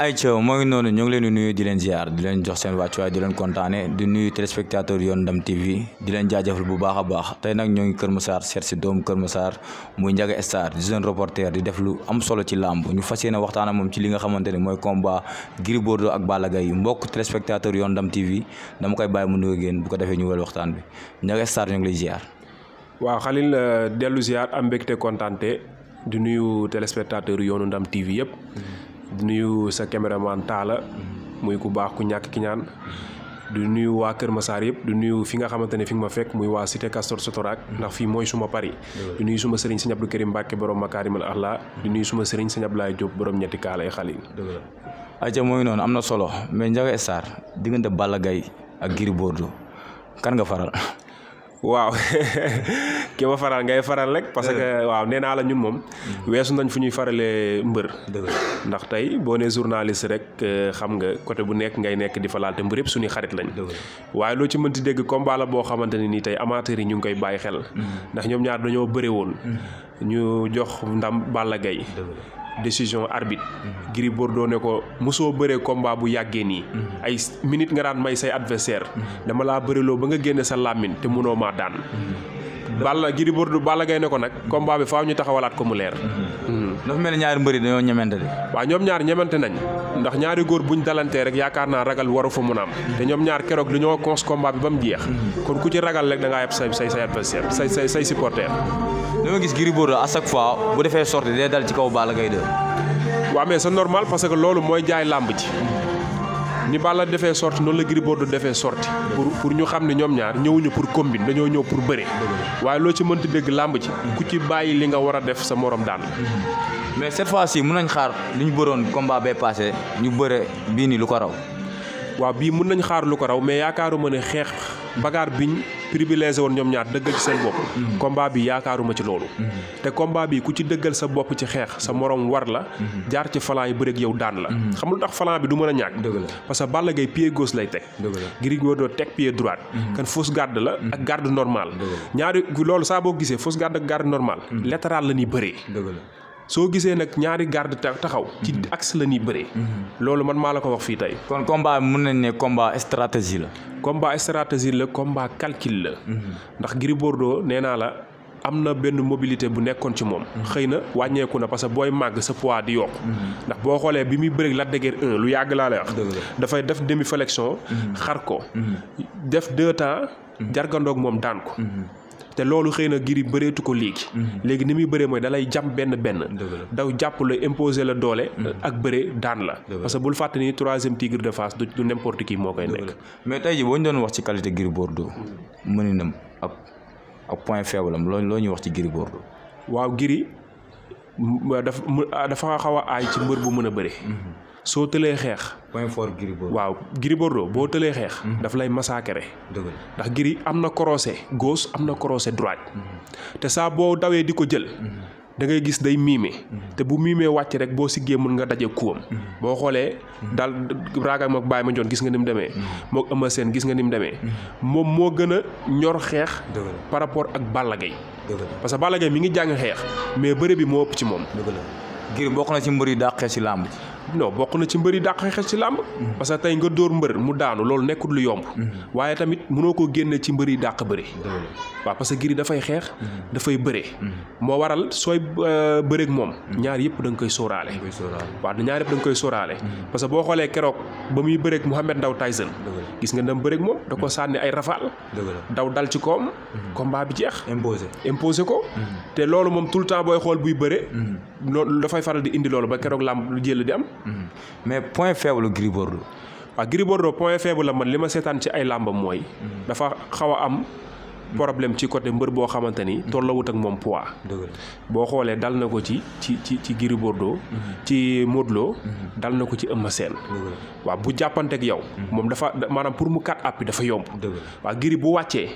ay ca mooy noonu ñu ngi leen nuyu di leen ziar di leen jox seen way di leen kontaane di nuyu téléspectateur yoon ndam tv di leen jaajeful bu baaxa baax tay nak ñu ngi Kër musar seet si doomu Kër muy ñaga Star di jeune reporter di def lu am solo ci lamb ñu fas waxtana mom ci li nga xamante moy combat Gris bordo ak balaga yi mbokk téléspectateur yoon ndam tv dama koy bàyyi mu nuyu ngeen bu ko defee ñu wël waxtaan bi ñaga Star ñu ngi lay ziar waaw Khalil euh, delu ziar am bekté kontaante di nuyu téléspectateur ndam tv yëpp di nuyu sa mui taala muy ku bax ku ñak ki ñaan di nuyu waa Kër Massar yeb di nuyu fi nga xamantene fi ma fek muy wa cité castor sotorak ndax fi moy suma pari di nuyu suma serigne seigne Abdou Karim Mbacke borom al axla di nuyu suma serigne seigne Abdoulaye Diop borom ñetti khalil aja mooy non, am solo mais Ndiaga Star nga de balagay ak giri Bordeaux kan nga faral waaw ki ma faral ngay faral rek parce que waaw nee naa la ñun moom mm-hmm. weesu nañ fu ñuy faralee mbër ndax tey boo nee journaliste rek euh, xam nga côté bu nekk ngay nekk di fa laal te mbër yëpp suñu xarit lañ waaye loo ci ti dégg combat la boo xamante ni nii tey amateur yi ñu ngi koy bàyyi xel mm-hmm. ndax ñoom ñaar dañoo bëre woon mm-hmm. ñu jox ndam Balla gay. décision arbitre Gris Bordeaux ne ko musoo bëree combat bu yàggee nii ay minute nga daan may say adversaire dama laa bëreloo ba nga génne sa lamine te munoo maa Balla Gris Bordeaux Balla Gaye ne ko nag combat bi faaw ñu taxawalaat ko mu leer mm-hmm. dafa mel ni ñaari mbër yi dañoo ñemente de waaw ñoom ñaar ñemente nañ ndax ñaari góor buñ dalantee rek yaakaar naa ragal waru fa mun a am te ñoom ñaar keroog dañoo cons combat bi ba mu jeex kon ku ci ragal rek da ngaa yab say say say adversaire say say say supporter dañoo gis Gris Bordeaux à chaque fois bu defee sortie day dal ci kaw Balla Gaye 2 waaw mais c'est normal parce que loolu mooy jaay làmb ji ni Balla defee sorti noonu la Gris Bordeaux defee sorti pour pour ñu xam ne ñoom ñaar ñëwuñu pour combine dañoo ñëw pour bëre waaye loo ci mënti dégg làmb ci ku ci bàyyi li nga war a def sa moroom daan mais cette fois si mën nañ xaar li ñu bëroon combat bee passé ñu bëre bii nii lu ko raw waaw bii mën nañ xaar lu ko raw mais yaakaaruma ne xeex bagaar biñ privilégié woon ñoom ñaar dëggal ci seen bopp combat bi yaakaaruma ci loolu te combat bi ku ci dëggal sa bopp ci xeex sa morom war la jaar ci falan yi bëreeg yow daan la xam lu tax falan bi du mën a ñàkk parce que Balla Gaye pied gauche lay teg Gris Bordeaux teg pied droite kan fausse gàdd la ak gàdd normale ñaari loolu saa boo gisee fausse garde ak garde normale latéral la ñuy bëree soo gisee nag ñaari garde taxaw. ci mm-hmm. axe la ñuy bëree. Mm-hmm. loolu man maa la ko wax fii tey. kon combat mun nañ ne combat stratégie la. combat stratégie la combat calcul la. Mm-hmm. ndax Gris nee naa la. am na benn mobilité bu nekkoon ci moom. xëy na wàññeeku na parce que booy màgg sa poids di yokk. ndax boo xoolee bi muy bëreeg Lac de Guiers lu yàgg laa lay wax. dafay def demi flexion. xar ko. def deux temps. jargandoog moom daan ko. te loolu xëy na giri bëreetu ko léegi mhm. léegi ni muy bëree mooy dalay jam benn benn daw jàpp la imposer la doole mhm. ak bëree daan la parce que bul fàtte ni troisième tigre de Fass du n'importe kii moo koy nekk mais tey ji boo ñu doon wax ci qualité Gris Bordeaux mëninam ak ak point faible am loo ñuy wax ci Gris Bordeaux waaw Gris dafa dafa xaw a aay ci mbër bu mën a bëre mhm. soo tëlee xeex. point fort Gris Bordeaux waaw Gris Bordeaux boo tëlee xeex. daf lay massacrer. ndax giri am na croisé gauche am na croisé droite. te saa boo dawee di ko jël. da ngay gis day miime te bu miimee wàcc rek boo siggee mun nga daje kuwam boo xoolee daal raaga bàyyi ma joon gis nga ni mu demee moog gis nga ni mu demee moom moo gën a ñor xeex par rapport ak Balla parce que Balla mi ngi jàng xeex mais bëre bi moo ëpp ci moom giri bokk na ci yi dàqee ci làmb non bokk na ci mbër yi dàq xeex ci làmb parce que tey nga dóor mbër mu daanu loolu nekkul lu yomb mm-hmm. waaye tamit mënoo ko génne ci mbër yi dàq bëri waaw parce que Gris dafay xeex. Mm-hmm. dafay bëree. Mm-hmm. moo waral sooy euh, bëreeg moom. Mm-hmm. ñaar yëpp da nga koy sóoraale. waaw ñaar yëpp da nga koy sóoraale. parce que boo xoolee keroog ba muy bëreeg Mouhamed Ndaw Tyson. gis nga ndam bëreeg moom da ko sànni ay rafaal. daw dal ci koom. combat bi jeex. imposé imposé ko. te loolu moom tout le temps booy xool buy bëre. loolu dafay faral di indi loolu ba keroog làmb lu jël di am. mais point faible Gris Bordeaux. waaw Gris Bordeaux point faible la man li ma seetaan ci ay làmbam mooy. dafa xaw a am. problème ci côté mbeur bo xamanteni tollawut ak mom poids bo xolé dal nako ci ci ci ci giri bordeaux mm-hmm. ci modlo mm-hmm. dal nako ci euma sen wa bu jappante ak yow mom mm-hmm. dafa manam pour mu kat appi dafa yomb wa giri bu wacce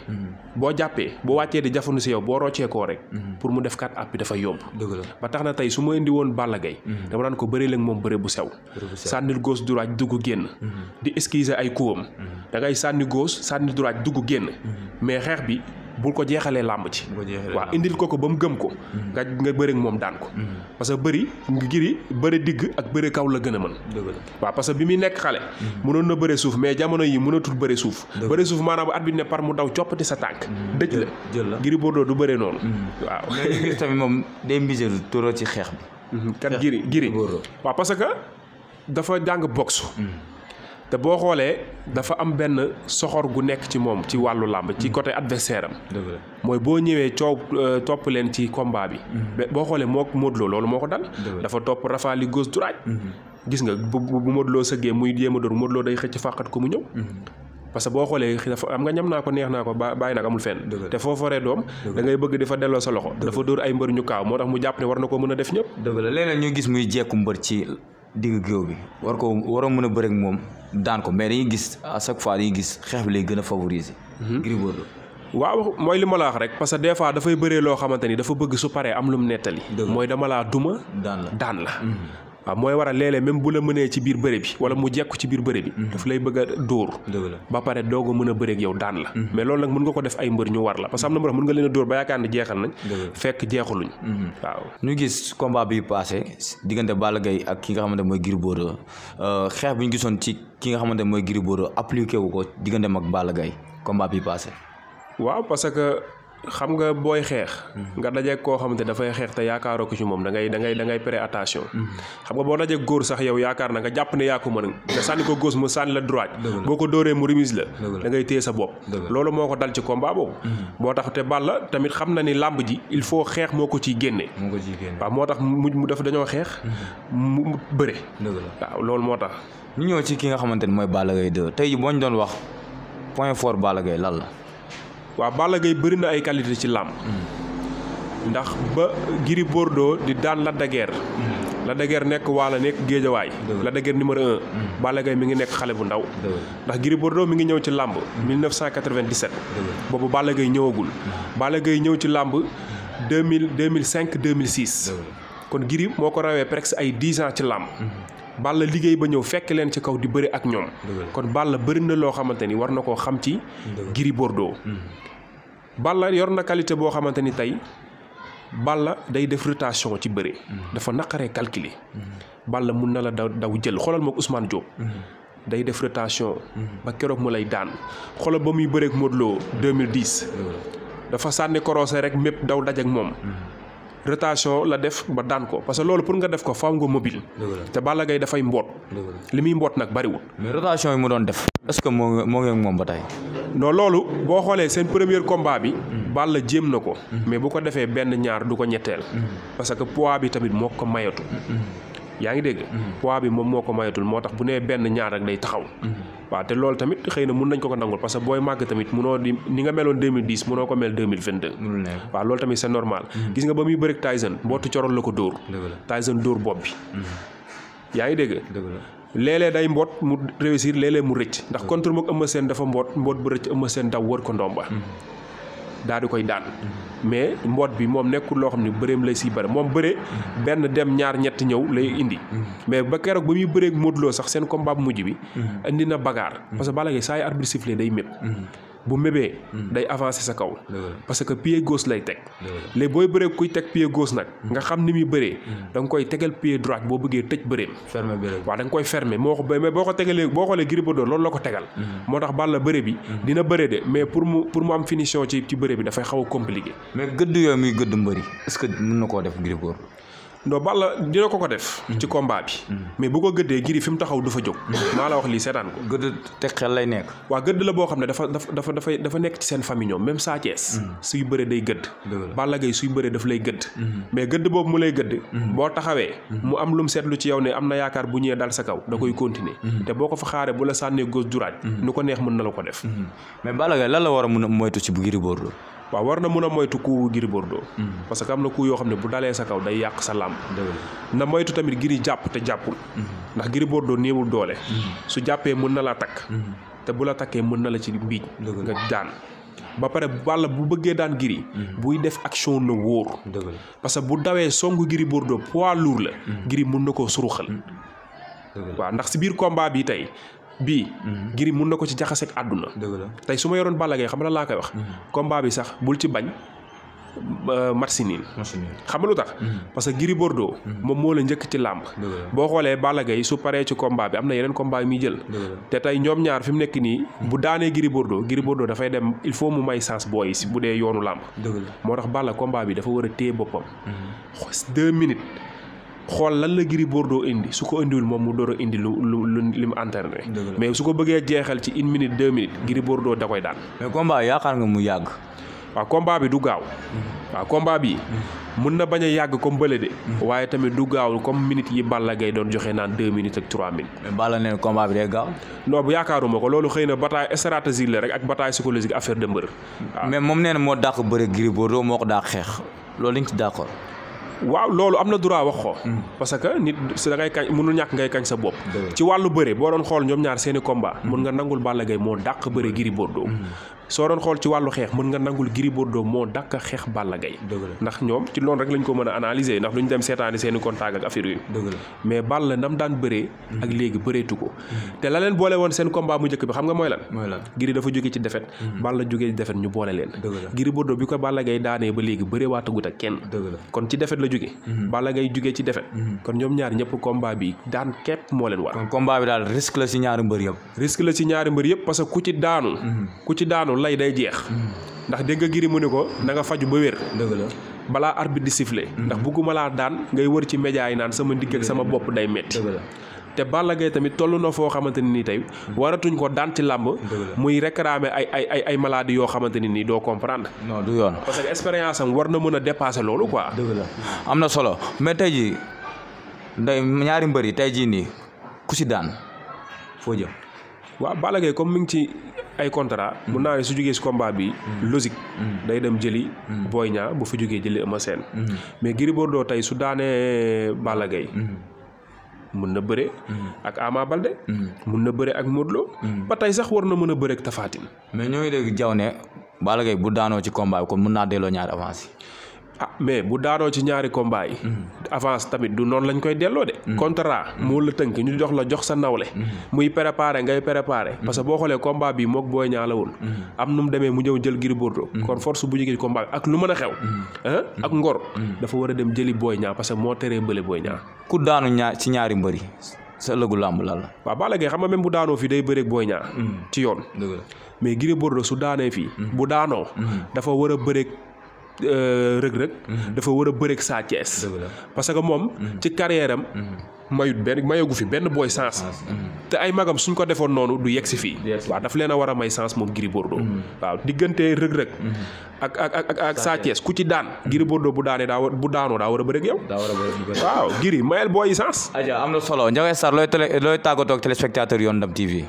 boo jàppee boo wàccee di jafandu si yow boo rocceekoo rek mhm. pour mu def kat app bi dafa yomb ba tax na tey su ma indi woon Balla Gaye mhm. dama daan ko bëree lag moom bëre bu sew sànnil gauche droite dugg génn mhm. di esquiser ay kuwam da ngay sànni gauche sànni droite dugg génn mais xeex bi bu ko jeexalee làmb ci waa indil ko ko ba mu gëm ko mm-hmm. nga nga bëri moom daan ko mm-hmm. parce que bëri ngiri bëri digg ak bëri kaw la gën a mën waaw parce que bi muy nekk xale mm-hmm. mënoon na bëri suuf mais jamono yi mënatul bëri suuf bëri suuf maanaam bu at bi ne par mu daw coppati sa tànk dëj la ngiri Bordeaux du bëri noonu waaw mais tamit moom day miser toro ci xeex bi kat giri giri waaw parce que dafa jàng boxe te boo xoolee dafa am benn soxor gu nekk ci moom ci wàllu làmb ci mm-hmm. côté adversaire am mooy boo ñëwee coow euh, topp leen ci combat bi mm-hmm. boo xoolee moo modlo Lo loolu moo ko dal dafa topp rafaali gauche droite mm-hmm. gis nga bu bu Modou sëggee muy jéem a dóor Modou day xëcc fàqat ko mu ñëw parce que boo xoolee dafa am nga ñam naa ko neex naa ko bàyyi nag amul fenn te foo foree doom da ngay bëgg di fa delloo sa loxo dafa dóor ay mbër ñu kaaw moo tax mu jàpp ne war na koo mën a def ñëpp dëgg la leneen ñu gis muy jekku mbër ci digg géew bi war ko waroo mën a bëre moom daan ko mais dañuy gis à chaque fois dañuy gis xeex bi lay gën a favoriser. Mhm. Gris waaw mooy li ma la wax rek parce que des fois dafay bëree loo xamante ni dafa bëgg su paree am lu mu nettali. mooy dama laa duma. daan daan la. Mhm. waaw mooy waral léeg-léeg même bu la mënee ci biir bëre bi wala mu jekku ci biir bëre bi mm-hmm. daf lay bëgg a dóor ba pare doog a mën a bëreeg yow daan la mm-hmm. mais loolu nag mun nga ko def ay mbër ñu war la parce que am na mbër mën nga a dóor ba yaakaar fekk jeexaluñ mm-hmm. ñu gis combat bi passé diggante Balla gay ak ki nga xamante mooy Gris Bordeaux euh, xeex bi ñu gisoon ci ki nga xamante mooy Gris Bordeaux appliqué wu ko diggante mag Balla Gaye combat bi passé waaw parce que xam nga booy xeex. nga dajeeg koo xamante dafay xeex te yaakaaroo ko ci moom da ngay da ngay da ngay xam nga boo dajeeg góor sax yow yaakaar na nga jàpp ne yaa ko mën nga sànni ko gauche mu sànni la droite. boo ko dóoree mu remise la. da ngay téye sa bopp. loolu moo ko dal ci combat boobu. boo mm-hmm. tax te la tamit xam na ni làmb ji il faut xeex moo ko ciy génne. waaw moo tax mu daf dañoo xeex. Mm-hmm. mu bëre. waaw loolu moo tax. ñu ñëw ci ki nga xamante ni mooy Balla Gaye 2 tey boo ñu doon wax point fort Balla Gaye lan la waaw Balla Gaye bëri na ay qualité ci làmb ndax ba Gris Bordeaux di daan Lac de Guiers mm. Lac de nekk waala nekk géejawaay Lac de Guiers numéro un mm. Balla mi ngi nekk xale bu ndaw ndax Gris Bordeaux mi ngi ñëw ci làmb 1997 mm. boobu Balla Gaye ñëwagul Balla Gaye ñëw ci làmb 2000 2005 2006 kon Gris moo ko rawee presque ay 10 ans ci làmb la liggey ba ñew fekk leen ci kaw di bëri ak ñom kon la bëri na lo xamanteni war nako xam ci giri Bordeaux mm. la yor na qualité bo xamanteni tay bal la day def rotation ci bëri mm. dafa naqaree calculer mm. la mun na la daw jël xolal moog Ousmane Diop day def rotation ba kérok mu lay daan ba muy ak modlo 2010 dafa sanni corosé rek mep daw daj ak mom. rotation la def ba daan ko parce que loolu pour nga def ko faaw nga mobile. te Balla Gaye dafay mboot. li muy mboot nag bariwul. mais rotation yi mu doon def. est-ce que moo ngi moo ngi moom ba tey. non loolu boo xoolee seen premier combat bi. Hmm. Balla jéem na ko. Hmm. mais bu ko defee benn ñaar du ko ñetteel. Hmm. parce que poids bi tamit moo ko mayatu. yaa ngi dégg mhm. poids bi moom moo ko mayatul moo tax bu nee benn ñaar rek day taxaw mhm. waaw te loolu tamit xëy na mun nañ ko ko nangul parce que booy màgg tamit munoo di ni nga meloon 2010 munoo ko mel 2022 waaw loolu tamit c'est normal mhm. gis nga ba muy bërik Tyson mbootu coroon la ko dóor Tyson dóor bopp bi yaa ngi dégg léeg-léeg day mboot mu réussir léeg-léeg mu rëcc ndax contre mook Eumeu Sène dafa mboot mboot bu rëcc Eumeu seen daw wër ko ndomba daal di koy daan mais mboot bi moom nekkul loo xam ne bëreem lay siy bëre moom bëre benn dem ñaar ñetti ñëw lay indi mais ba keroog ba muy bëreeg Modou sax seen combat mbaam mujj bi mm-hmm. indi na bagaar parce que Balla Gaye saa yu arbitre sifflé day mépp bu mebee mm. day avancer sa kaw parce que pied gauche lay teg léegi booy bëree kuy teg pied gos nag mm. nga xam ni muy bëree mm. da koy tegal pied droite boo bëggee tëj bëreem waaw da nga koy fermer moo ko mais boo ko tegalee boo xoolee Gris Bordeaux loolu la ko tegal moo tax la bëre bi dina bëre de mais pour mu pour mu am finition ci ci bëre bi dafay xaw a mais gëdd yooyu muy gëdd mbëri est-ce que nu na koo def Gris Bordeaux doo Balla dina ko ko def. ci combat bi. Mm. mais bu ko gëddee giri fi mu taxaw du fa jóg. Mm. maa la wax lii seetaan ko. gëdd teg xel lay nekk. waa gëdd la boo xam ne dafa dafa dafay dafa nekk ci seen famille même Sa Thiès. Mm. suy bëree day gëdd. Balla Gaye suy bëree daf lay gëdd. mais gëdd boobu mu lay gëdd. boo taxawee. mu am lu mu seetlu ci yow ne am na yaakaar bu ñëwee dal sa kaw da koy continuer. te boo ko fa xaare bu la sànnee gos juraaj. nu ko neex mën na la ko def. mais Balla Gaye lan la war a mën a moytu ci bu Gris Bordeaux waaw war na mën a moytu ku Gris Bordeaux hmm. parce que am na ku yoo xam ne bu dalee sa kaw day yàq sa làmb na moytu tamit Gris jàpp te jàppul hmm. ndax Gris Bordeaux néewul doole hmm. su jàppee mën na laa takk te bu la takkee mën na la ci mbiiñ nga daan ba pare bala bu bëggee daan Gris buy def action na wóor parce que bu dawee songu Gris Bordeaux poids lourd la Gris mën na koo suruxal waaw ndax si biir combat bi tey bii mhm. Gris mun na ko ci jaxaseeg àdduna tey su ma yoroon Balla Gaye xam nga laa koy wax mhm. combat bi sax bul ci bañ Marcinine. xam nga lu tax. Mhm. parce que Gris Bordeaux. moom moo la njëkk ci làmp boo xoolee Balla Gaye su paree ci combat bi am na yeneen combat yu muy jël. te tey ñoom ñaar fi mu nekk nii. bu daanee Gris Bordeaux Gris Bordeaux dafay dem il faut mu may sens booy si bu dee yoonu làmb. moo tax Balla kombaa bi dafa war a téye boppam. deux minutes. xool lan la Gris Bordeaux indi su ko indiwul moom mu door a indi lu lu lu li mu entraîné mais su ko bëggee jeexel ci une minute deux minutes Gris Bordeaux da koy daan. mais nga mu yàgg. waaw combat bi du gaaw. Mm-hmm. waaw bi. mun mm-hmm. na bañ a yàgg comme bële de. Mm-hmm. waaye tamit du gaaw comme minutes yi Balla Gaye doon joxe naan deux minutes ak trois minutes. mais Balla nee combat bi day gaaw. non yaakaaruma ko loolu xëy na bataille stratégique la rek ak bataille psychologique affaire de mbër. mais moom nee na moo dàq bëre Gris Bordeaux moo ko dàq xeex loolu dañ ci waaw loolu am na droit wax ko hmm. parce que nit si da ngay kañ mënul ñàkk ngay kañ sa bopp ci wàllu bëre boo doon xool ñoom ñaar seeni combat hmm. mun nga nangul Balla Gaye moo dàq bëre giri Bordeaux hmm. soo doon xool ci wàllu xeex mën nga nangul Gris Bordeaux moo dàq xeex Balla Gaye ndax ñoom ci loolu rek lañ ko mën a analyser ndax duñ dem seetaani seeni contact ak affaire yu mais Balla nam daan bëree mm. ak léegi bëreetu ko mm. te boole woon seen combat mu njëkk bi xam nga mooy lan Gris dafa jóge ci défaite mm. Balla jógee ci défaite ñu boole leen Gris Bordeaux bi ko Balla Gaye daanee ba léegi bëree waatagut ak kenn kon ci défaite la jóge mm-hmm. Balla Gaye jógee ci défaite mm-hmm. kon ñoom ñaar ñëpp combat bi daan képp moo leen war kon combat bi daal risque la ci ñaari mbër yëpp risque la ci ñaari mbër yëpp parce que ku ci daanu mm-hmm. ku ci daanu loolu lay day jeex. ndax de nga giri muniko da nga faju ba wer dëgg la balaa arbitre di siffler. ndax daan ngay wër ci média yi naan sama ndigg ak sama bop day metti te Balla gay tamit tollu na fo xamanteni ni nii waratuñ ko daan ci lamb muy réclamer ay ay ay ay malade yo xamanteni ni nii comprendre. non du yoon parce que expérience am warna dépasser lolu quoi. amna la solo mais tay ji ndey ñaari mbeuri tay ji ni nii ku ci daan fo jëm. wa Balla gay comme mi ngi ci ay contrat mun naa ne su jógee si combat bi mm. logique mm. day dem jëli mm. booy Niang bu fa jógee jëli Eumeu Sène mais Gris doo tey su daanee Balla mun na bëre ak Ama Balde mun na bëre ak Modou Lo ba tey sax war na mën a bëre ak Tapha Tine mais ñooy dégg jaw ne Balla bu daanoo ci combat bi kon mun naa delloo ñaar avance yi mais bu daanoo ci ñaari combat yi. Mm-hmm. avance tamit du noonu lañ koy delloo de. Mm-hmm. contra mm-hmm. moo la tënk ñu jox la jox sa nawle. muy préparé ngay préparé. parce que boo xoolee combat bi moog booy ñaala woon. am nu mu demee mu ñëw jël Gris Bordeaux. kon force bu jugee combat bi ak lu mën a xew. ak ngor. dafa war a dem jëli booy ñaa parce que moo teree bële booy ñaa. ku daanu ñaar ci ñaari mbëri sa ëllëgu làmb la la. waaw Balla Gaye xam ma même bu daanoo fii day bëreeg booy ñaar ci yoon. mais Gris su daanee fii. bu daanoo. dafa war a bëreeg. Euh, Reug Reug mhm. dafa war a bëreeg Sa Thiès parce que moom mhm. ci carrièream mhm. mayut ben mayagu fi ben boy sens te ay magam suñ ko defoon noonu du yegg fi fii waaw daf leen a war a may sens moom giri bordo waaw diggante Reug Reug ak ak ak ak Sa Thiès ku ci daan giri bordo bu daanee daa bu daanoo daa war a yow waaw giri mayel boy sens aja amna solo Ndiaga sar loy télé looy téléspectateur TV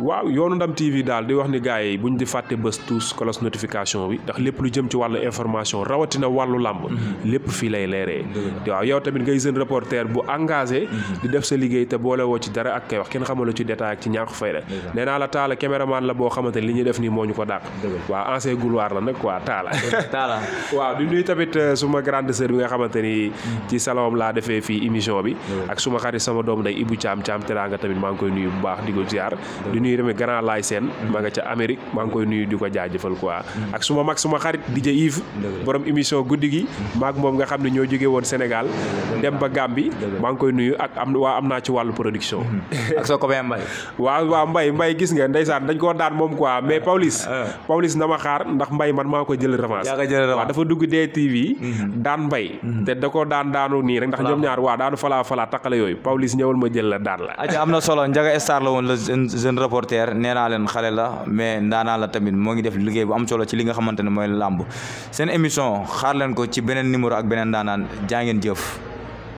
waaw yoonu ndam TV daal di wax ni gars yi buñ di fàtte bés tous cloche notification bi ndax lépp lu jëm ci wàllu information rawatina wàllu làmb mhm. lépp fii lay leeree waaw yow tamit ngay jeune reporter bu engagé mhm. di def sa liggéey te boole woo ci dara ak kay wax kenn xamalu ci détail ak ci ñàkk fayda nee naa la taala la boo xamante li ñuy def nii moo ñu ko dàq waaw ancien gouloir la nag quoi taala ah. waaw di nuyu tamit euh, suma grande sœur bi nga xamante ni mhm. ci salawam laa defee fii émission bi ak suma xarit sama doom day Ibou Thiam Thiam Teranga tamit maa ngi koy nuyu baax di ko ziar nuyu tamit grand laay seen ma mm-hmm. nga ci Amérique maa ngi koy nuyu diko jaajeufal quoi mm-hmm. ak suma mak suma xarit DJ Yves borom émission guddigi gi mm-hmm. maag moom nga xamni ño jogé won Sénégal dem ba Gambie maa ngi koy nuyu ak am wa amna ci walu production ak so ko bay mbay wa wa mbay mbay gis nga ndaysan dañ ko daan mom quoi mais ah. Paulis ah. Paulis nama xaar ndax mbay man maa ko jël revanche waaw dafa dugg tv daan mbay té da koo daan daanu ni rek ndax ñom ñaar wa daanu fala fala takalé yoy Paulis ñewal ma jël la daan la am amna solo njaga star la won le jeune rapport supporter nee naa leen xale la mais ndaanaa la tamit moo ngi def liggéey bu am solo ci li nga xamante ne mooy lamb seen émission xaar leen ko ci beneen numéro ak beneen ndaanaan jaa jëf